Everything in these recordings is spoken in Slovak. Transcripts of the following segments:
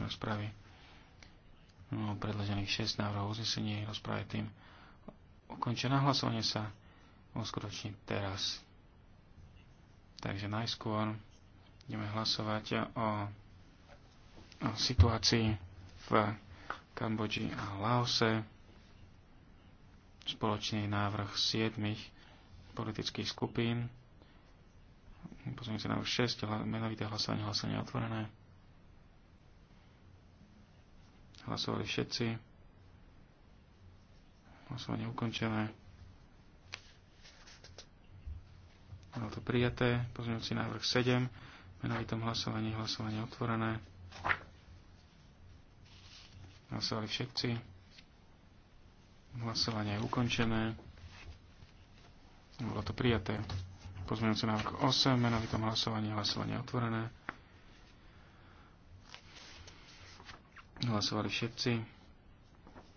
rozpravy. No, predložených 6 návrhov uznesenie rozpravy tým ukončená hlasovanie sa uskutoční teraz. Takže najskôr ideme hlasovať o, o situácii v Kambodži a Laose. Spoločný návrh 7 politických skupín. Pozrieme sa na 6, menovité hlasovanie, hlasovanie otvorené. Hlasovali všetci. Hlasovanie ukončené. Bolo to prijaté. Pozmeňujúci návrh 7. Menovitom hlasovaní. Hlasovanie otvorené. Hlasovali všetci. Hlasovanie je ukončené. Bolo to prijaté. Pozmeňujúci návrh 8. Menovitom hlasovaní. Hlasovanie otvorené. Hlasovali všetci.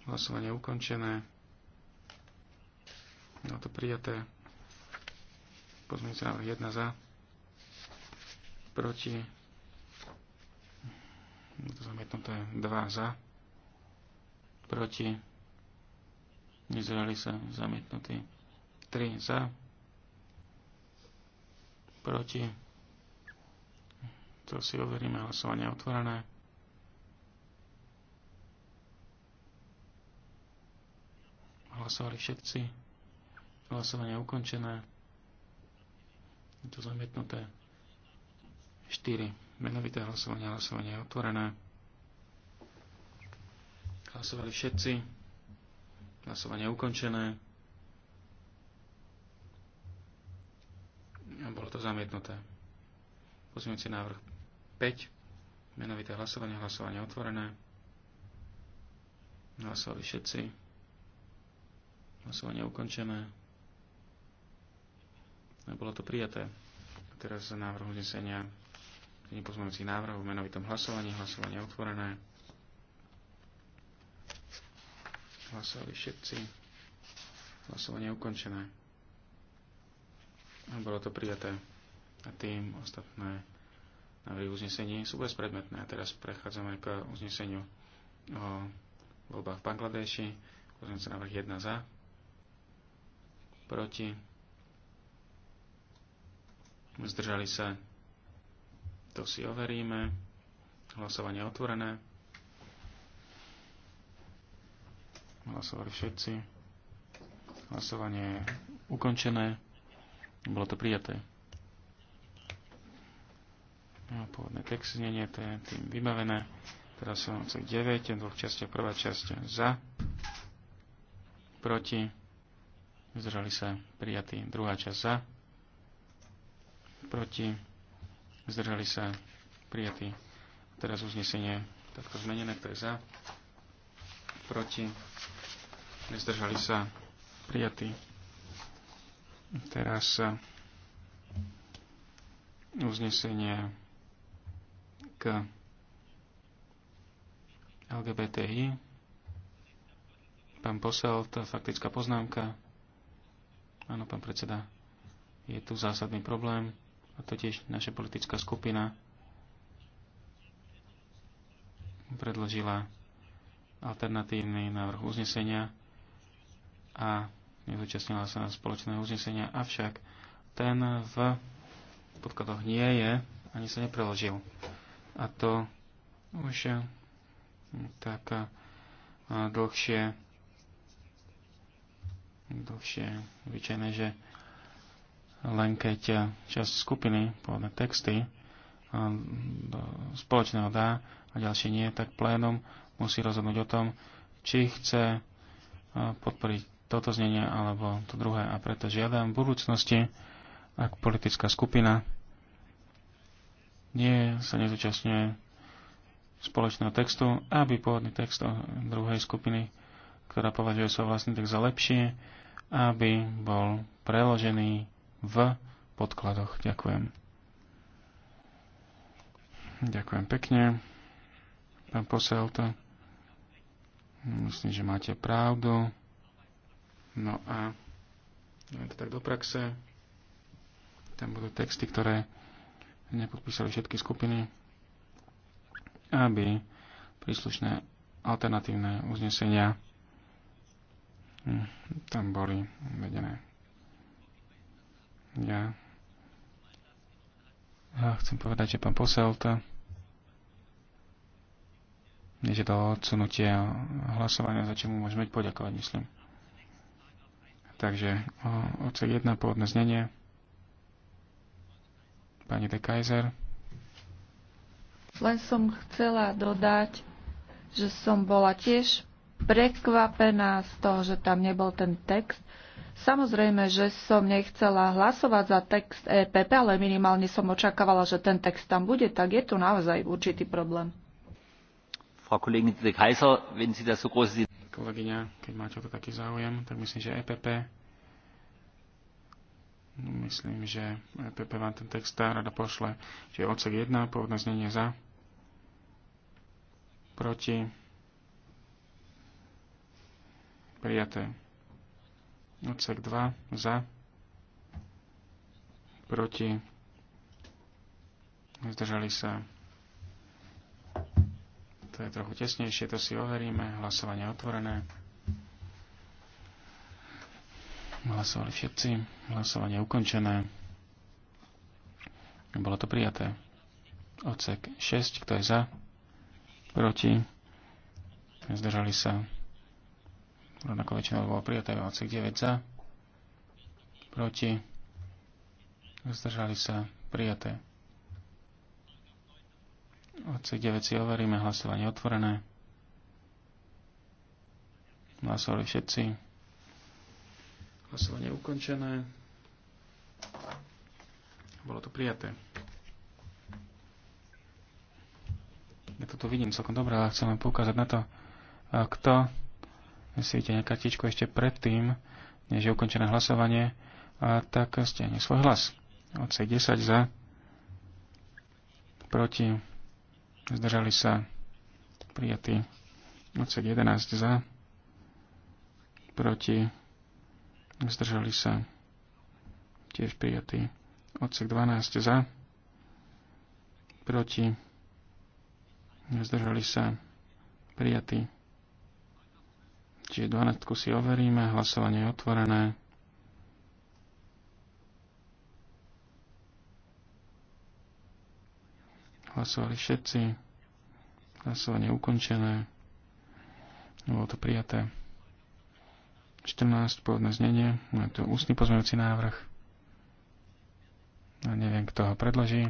Hlasovanie ukončené. Bolo to prijaté. Pozmeňujúci návrh 1 za. Proti. Zamietnuté 2 za. Proti. Nezrali sa zamietnutí 3 za. Proti. To si overíme. Hlasovanie otvorené. Hlasovali všetci. Hlasovanie je ukončené. Je to zamietnuté. 4. Menovité hlasovanie. Hlasovanie je otvorené. Hlasovali všetci. Hlasovanie je ukončené. A bolo to zamietnuté. Pozmeňujúci návrh 5. Menovité hlasovanie. Hlasovanie otvorené. Hlasovali všetci. Hlasovanie ukončené. Bolo to prijaté. teraz za návrh uznesenia nepozmenujúcich návrhov v menovitom hlasovaní. Hlasovanie otvorené. Hlasovali všetci. Hlasovanie ukončené. bolo to prijaté. A tým ostatné návrhy uznesení sú bezpredmetné. A teraz prechádzame k uzneseniu o voľbách v Bangladeši. Pozrieme sa návrh 1 za, proti, zdržali sa, to si overíme, hlasovanie je otvorené, hlasovali všetci, hlasovanie je ukončené, bolo to prijaté. No, pôvodné text znenie, to je tým vybavené. Teraz som odsek 9, dvoch časťach, prvá časť za, proti, zdržali sa prijatí. Druhá časť za, proti, zdržali sa prijatí. Teraz uznesenie takto zmenené, to je za, proti, zdržali sa prijatí. Teraz eh, uznesenie k LGBTI. Pán posel, je faktická poznámka. Áno, pán predseda, je tu zásadný problém a totiž naša politická skupina predložila alternatívny návrh uznesenia a nezúčastnila sa na spoločného uznesenia, avšak ten v podkladoch nie je, ani sa nepreložil. A to už tak eh, dlhšie dlhšie. Vyčajné, že len keď časť skupiny, pôvodné texty, spoločného dá a ďalšie nie, tak plénum musí rozhodnúť o tom, či chce podporiť toto znenie alebo to druhé. A preto žiadam v budúcnosti, ak politická skupina nie sa nezúčastňuje spoločného textu, aby pôvodný text druhej skupiny, ktorá považuje svoj vlastný text za lepšie, aby bol preložený v podkladoch. Ďakujem. Ďakujem pekne. Pán to. myslím, že máte pravdu. No a to tak do praxe. Tam budú texty, ktoré nepodpísali všetky skupiny, aby príslušné alternatívne uznesenia Hm, tam boli vedené. Ja ja chcem povedať, že pán je to odsunutie hlasovania, za čo mu môžeme poďakovať, myslím. Takže o, odsek 1, pôvodné znenie. Pani de Kaiser. Len som chcela dodať, že som bola tiež prekvapená z toho, že tam nebol ten text. Samozrejme, že som nechcela hlasovať za text EPP, ale minimálne som očakávala, že ten text tam bude, tak je tu naozaj určitý problém. Frau Kollegin de Kaiser, wenn Sie das so Kolegyňa, keď máte to taký záujem, tak myslím, že EPP myslím, že EPP vám ten text rada pošle, Čiže odsek 1, pôvodné znenie za, proti, prijaté. Odsek 2 za, proti, zdržali sa. To je trochu tesnejšie, to si overíme. Hlasovanie otvorené. Hlasovali všetci. Hlasovanie ukončené. Bolo to prijaté. Odsek 6, kto je za? Proti? Zdržali sa Rovnako väčšinou bolo prijaté odsek 9 za, proti, zdržali sa prijaté. Odsek 9 si overíme, hlasovanie otvorené. Hlasovali všetci. Hlasovanie ukončené. Bolo to prijaté. Ja toto vidím celkom dobre, ale chcem len poukázať na to, kto siete kartičku ešte predtým, než je ukončené hlasovanie, a tak stiahne svoj hlas. Odsek 10 za, proti, zdržali sa, prijatí, Odsek 11 za, proti, zdržali sa, tiež prijatí, Odsek 12 za, proti, zdržali sa, prijatý Čiže 12 si overíme, hlasovanie je otvorené. Hlasovali všetci. Hlasovanie ukončené. Bolo to prijaté. 14 pôvodné znenie. Máme tu ústny pozmeňujúci návrh. A neviem, kto ho predloží.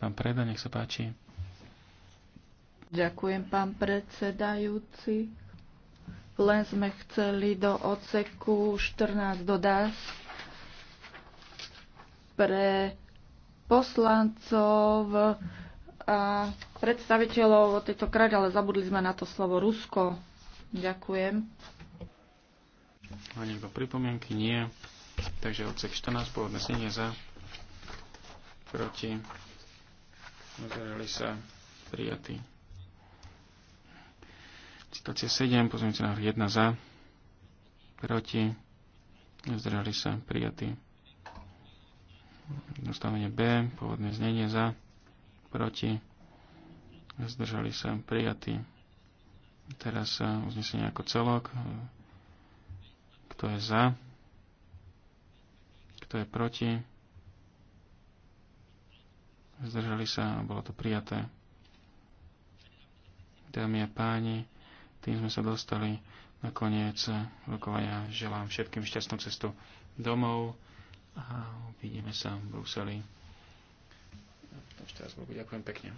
Pán Preda, nech sa páči. Ďakujem, pán predsedajúci. Len sme chceli do odseku 14 dodať pre poslancov a predstaviteľov tejto krajiny, ale zabudli sme na to slovo Rusko. Ďakujem. Ani iba pripomienky nie. Takže odsek 14, po odnesenie za, proti, zdržali sa, prijatý. Citácia 7, pozmeňujúci návrh 1 za, proti, zdržali sa, prijatí. Ustavenie B, pôvodné znenie za, proti, zdržali sa, prijatí. Teraz eh, uznesenie ako celok. Kto je za? Kto je proti? Zdržali sa a bolo to prijaté. Dámy a páni, tým sme sa dostali na koniec rokovania. Želám všetkým šťastnú cestu domov a uvidíme sa v Bruseli. raz Bohu ďakujem pekne.